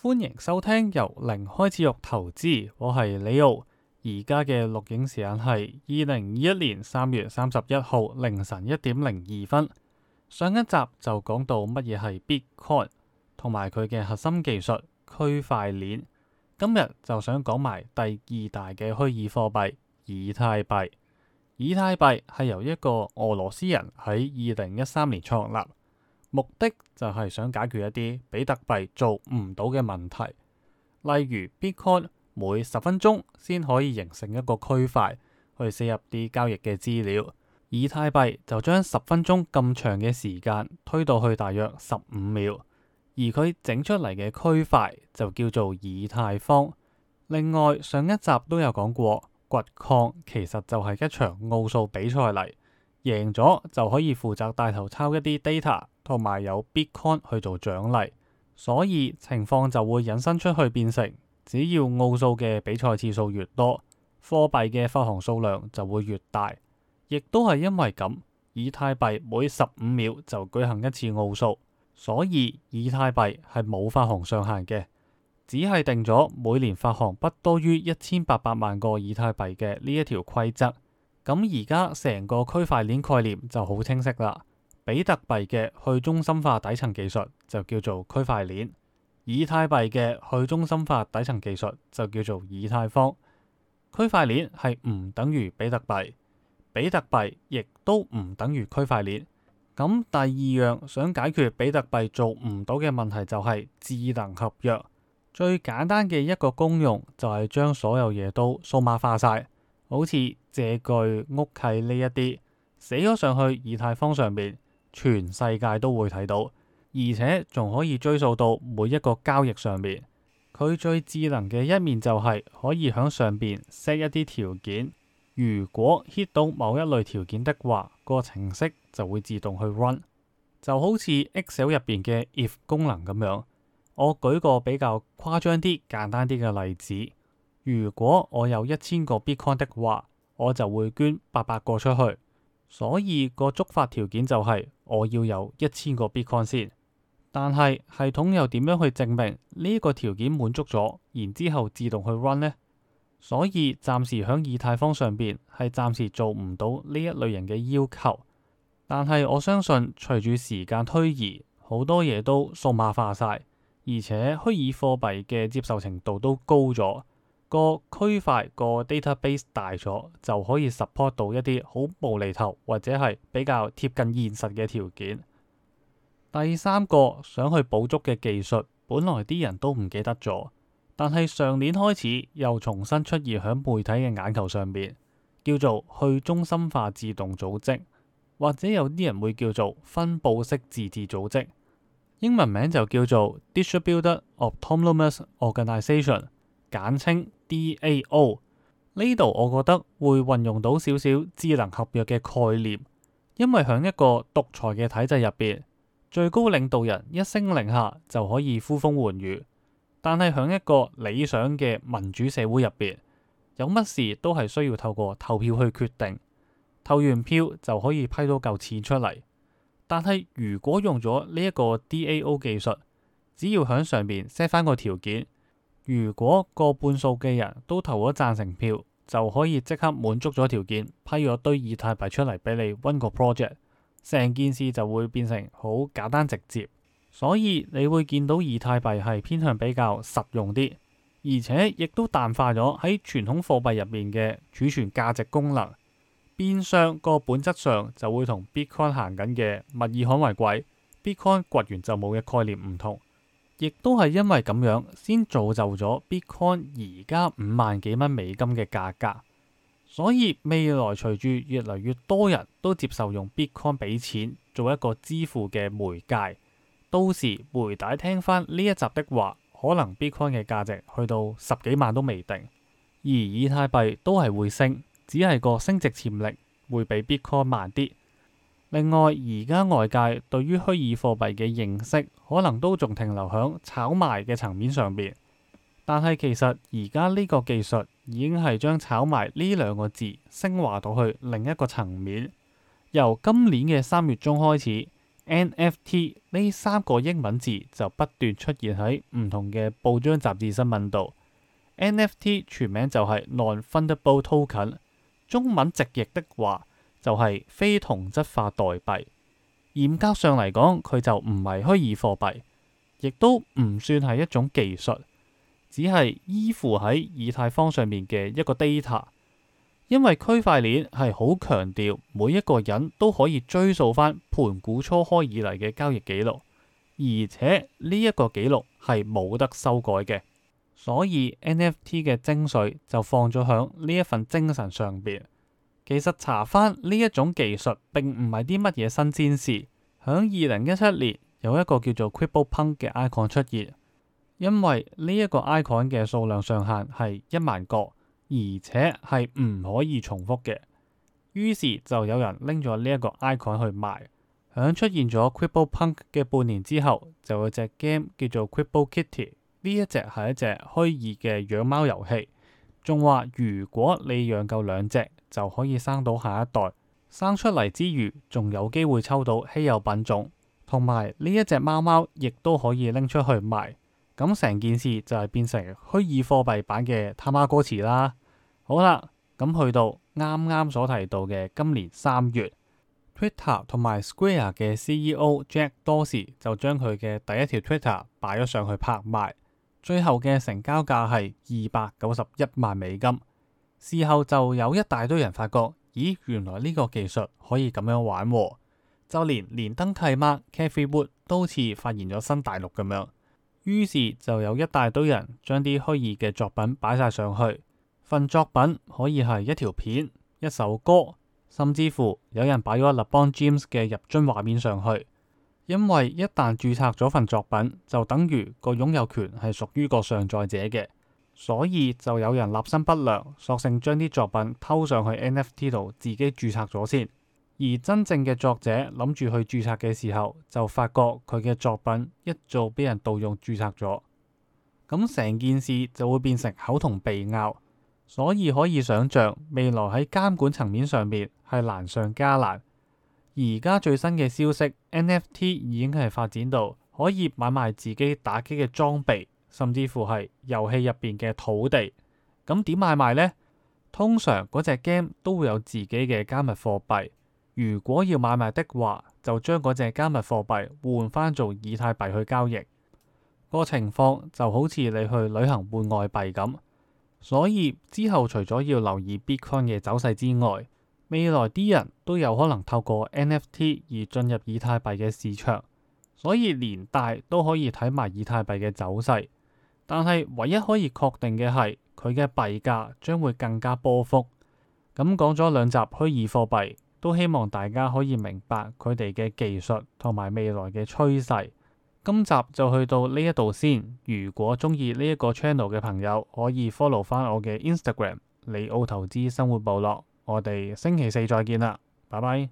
歡迎收聽由零開始學投資，我係李奧。而家嘅錄影時間係二零二一年三月三十一號凌晨一點零二分。上一集就講到乜嘢係 Bitcoin，同埋佢嘅核心技術區塊鏈。今日就想講埋第二大嘅虛擬貨幣以太幣。以太幣係由一個俄羅斯人喺二零一三年創立。目的就係想解決一啲比特幣做唔到嘅問題，例如 Bitcoin 每十分鐘先可以形成一個區塊去寫入啲交易嘅資料，以太幣就將十分鐘咁長嘅時間推到去大約十五秒，而佢整出嚟嘅區塊就叫做以太坊。另外上一集都有講過，掘礦其實就係一場奧數比賽嚟，贏咗就可以負責帶頭抄一啲 data。同埋有，有 Bitcoin 去做獎勵，所以情況就會引申出去變成，只要奧數嘅比賽次數越多，貨幣嘅發行數量就會越大。亦都係因為咁，以太幣每十五秒就舉行一次奧數，所以以太幣係冇發行上限嘅，只係定咗每年發行不多於一千八百萬個以太幣嘅呢一條規則。咁而家成個區塊鏈概念就好清晰啦。比特幣嘅去中心化底層技術就叫做區塊鏈，以太幣嘅去中心化底層技術就叫做以太坊。區塊鏈係唔等於比特幣，比特幣亦都唔等於區塊鏈。咁第二樣想解決比特幣做唔到嘅問題就係智能合約。最簡單嘅一個功用就係將所有嘢都數碼化晒，好似借據、屋契呢一啲寫咗上去以太坊上面。全世界都會睇到，而且仲可以追溯到每一個交易上面。佢最智能嘅一面就係可以響上邊 set 一啲條件，如果 hit 到某一類條件的話，個程式就會自動去 run，就好似 Excel 入邊嘅 if 功能咁樣。我舉個比較誇張啲、簡單啲嘅例子，如果我有一千個 bitcoin 的話，我就會捐八百個出去。所以個觸發條件就係我要有一千個 Bitcoin 先，但係系統又點樣去證明呢個條件滿足咗，然之後自動去 run 呢？所以暫時響以太坊上邊係暫時做唔到呢一類型嘅要求，但係我相信隨住時間推移，好多嘢都數碼化晒，而且虛擬貨幣嘅接受程度都高咗。個區塊個 database 大咗，就可以 support 到一啲好無厘頭或者係比較貼近現實嘅條件。第三個想去補足嘅技術，本來啲人都唔記得咗，但係上年開始又重新出現喺媒體嘅眼球上面，叫做去中心化自動組織，或者有啲人會叫做分佈式自治組織，英文名就叫做 Distributed Autonomous Organization，簡稱。DAO 呢度，o, 我覺得會運用到少少智能合約嘅概念，因為喺一個獨裁嘅體制入邊，最高領導人一聲令下就可以呼風喚雨；但係喺一個理想嘅民主社會入邊，有乜事都係需要透過投票去決定，投完票就可以批到嚿錢出嚟。但係如果用咗呢一個 DAO 技術，只要喺上面 set 返個條件。如果過半數嘅人都投咗贊成票，就可以即刻滿足咗條件，批咗堆以太幣出嚟俾你。One 個 project，成件事就會變成好簡單直接。所以你會見到以太幣係偏向比較實用啲，而且亦都淡化咗喺傳統貨幣入面嘅儲存價值功能。變相個本質上就會同 Bitcoin 行緊嘅物以罕為貴，Bitcoin 掘完就冇嘅概念唔同。亦都係因為咁樣，先造就咗 Bitcoin 而家五萬幾蚊美金嘅價格。所以未來隨住越嚟越多人都接受用 Bitcoin 俾錢做一個支付嘅媒介，到時媒體聽返呢一集的話，可能 Bitcoin 嘅價值去到十幾萬都未定。而以太幣都係會升，只係個升值潛力會比 Bitcoin 慢啲。另外，而家外界對於虛擬貨幣嘅認識。可能都仲停留響炒賣嘅層面上邊，但係其實而家呢個技術已經係將炒賣呢兩個字升華到去另一個層面。由今年嘅三月中開始，NFT 呢三個英文字就不斷出現喺唔同嘅報章雜誌新聞度。NFT 全名就係 Non-Fungible Token，中文直譯的話就係非同質化代幣。嚴格上嚟講，佢就唔係虛擬貨幣，亦都唔算係一種技術，只係依附喺以太坊上面嘅一個 data。因為區塊鏈係好強調每一個人都可以追溯返盤古初開以嚟嘅交易記錄，而且呢一個記錄係冇得修改嘅，所以 NFT 嘅精髓就放咗喺呢一份精神上邊。其實查翻呢一種技術並，並唔係啲乜嘢新鮮事。響二零一七年，有一個叫做 Crypto Punk 嘅 icon 出現，因為呢一個 icon 嘅數量上限係一萬個，而且係唔可以重複嘅。於是就有人拎咗呢一個 icon 去賣。響出現咗 Crypto Punk 嘅半年之後，就有一隻 game 叫做 Crypto Kitty。呢一隻係一隻虛擬嘅養貓遊戲，仲話如果你養夠兩隻。就可以生到下一代，生出嚟之餘，仲有機會抽到稀有品種，同埋呢一隻貓貓亦都可以拎出去賣。咁成件事就係變成虛擬貨幣版嘅他媽哥池啦。好啦，咁去到啱啱所提到嘅今年三月，Twitter 同埋 Square 嘅 CEO Jack Dorsey 就將佢嘅第一條 Twitter 擺咗上去拍賣，最後嘅成交價係二百九十一萬美金。事後就有一大堆人發覺，咦，原來呢個技術可以咁樣玩，哦，就連連登契媽 Cathie Wood 都似發現咗新大陸咁樣。於是就有一大堆人將啲虛擬嘅作品擺晒上去，份作品可以係一條片、一首歌，甚至乎有人擺咗立邦 James 嘅入樽畫面上去。因為一旦注冊咗份作品，就等於個擁有權係屬於個上載者嘅。所以就有人立心不良，索性將啲作品偷上去 NFT 度，自己註冊咗先。而真正嘅作者諗住去註冊嘅時候，就發覺佢嘅作品一早俾人盜用、註冊咗，咁成件事就會變成口同鼻拗。所以可以想象未來喺監管層面上面係難上加難。而家最新嘅消息，NFT 已經係發展到可以買賣自己打機嘅裝備。甚至乎係遊戲入邊嘅土地，咁點買賣呢？通常嗰隻 game 都會有自己嘅加密貨幣，如果要買賣的話，就將嗰隻加密貨幣換翻做以太幣去交易。個情況就好似你去旅行換外幣咁，所以之後除咗要留意 Bitcoin 嘅走勢之外，未來啲人都有可能透過 NFT 而進入以太幣嘅市場，所以連帶都可以睇埋以太幣嘅走勢。但係唯一可以確定嘅係，佢嘅幣價將會更加波幅。咁講咗兩集虛擬貨幣，都希望大家可以明白佢哋嘅技術同埋未來嘅趨勢。今集就去到呢一度先。如果鍾意呢一個 channel 嘅朋友，可以 follow 返我嘅 Instagram 利奧投資生活部落。我哋星期四再見啦，拜拜。